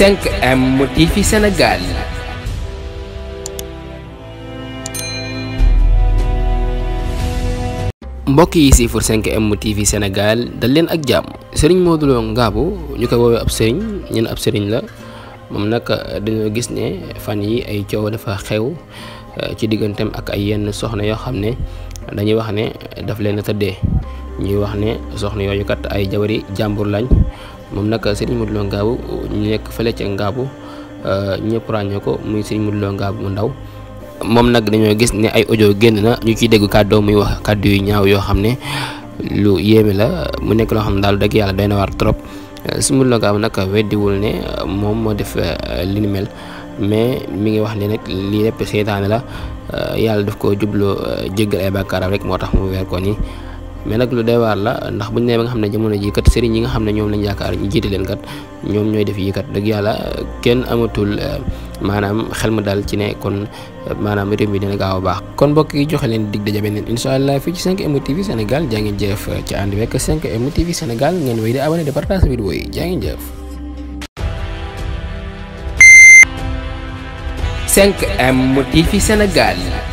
5M TV Sénégal mbokk yi si fur 5M TV Sénégal dal leen ak jàmm sëriñ Modou Lo Ngabou ñu koy woowee ab sëriñ ñun ab sëriñ la moom nag euh, dañoo gis ne fan yi ay coow dafa xew euh, ci digganteem ak ay yenn soxna yoo xam ne dañuy wax ne daf leen a tëddee ñuy wax ne soxna yooyu kat ay jabari jàmbur lañ moom nag sëriñ Modou Lo Ngabou ñu nekk fële ngaabu Ngabou euh, ñëpp ràññee ko muy sëriñ Modou Lo Ngabou mu ndaw moom nag dañoo gis ne ay audio génn na ñu ciy dégg kàddoo muy wax kàddu yu ñaaw yoo xam ne lu yéeme la mu nekk loo xam ne daal dëgg yàlla doy na waar trop sëriñ Modou Lo Ngabou nag weddiwul ne moom moo def euh, li ni mel mais mi ngi wax ni nag lii lépp seytaane la euh, yàlla def ko jubloo jéggal ay bàkkaaram rek moo tax mu weer ko nii mais nag lu doy la ndax buñ nee ba nga xam ne jamono ji kat sëriñ yi nga xam ne ñoom lañ yaakaar ñu jiite leen kat ñoom ñooy def yi kat dëgg yàlla kenn amatul euh, maanaam xel mu daal ci ne kon euh, maanaam réew mi dina gaaw a baax. kon mbokk yi joxe leen dig daje beneen incha allah fii ci 5M TV Sénégal jaa ngeen jëf euh, ci ànd wekk 5M TV Sénégal ngeen wéy di abonné di partage vidéo yi jaa ngeen jëf. 5M TV Sénégal.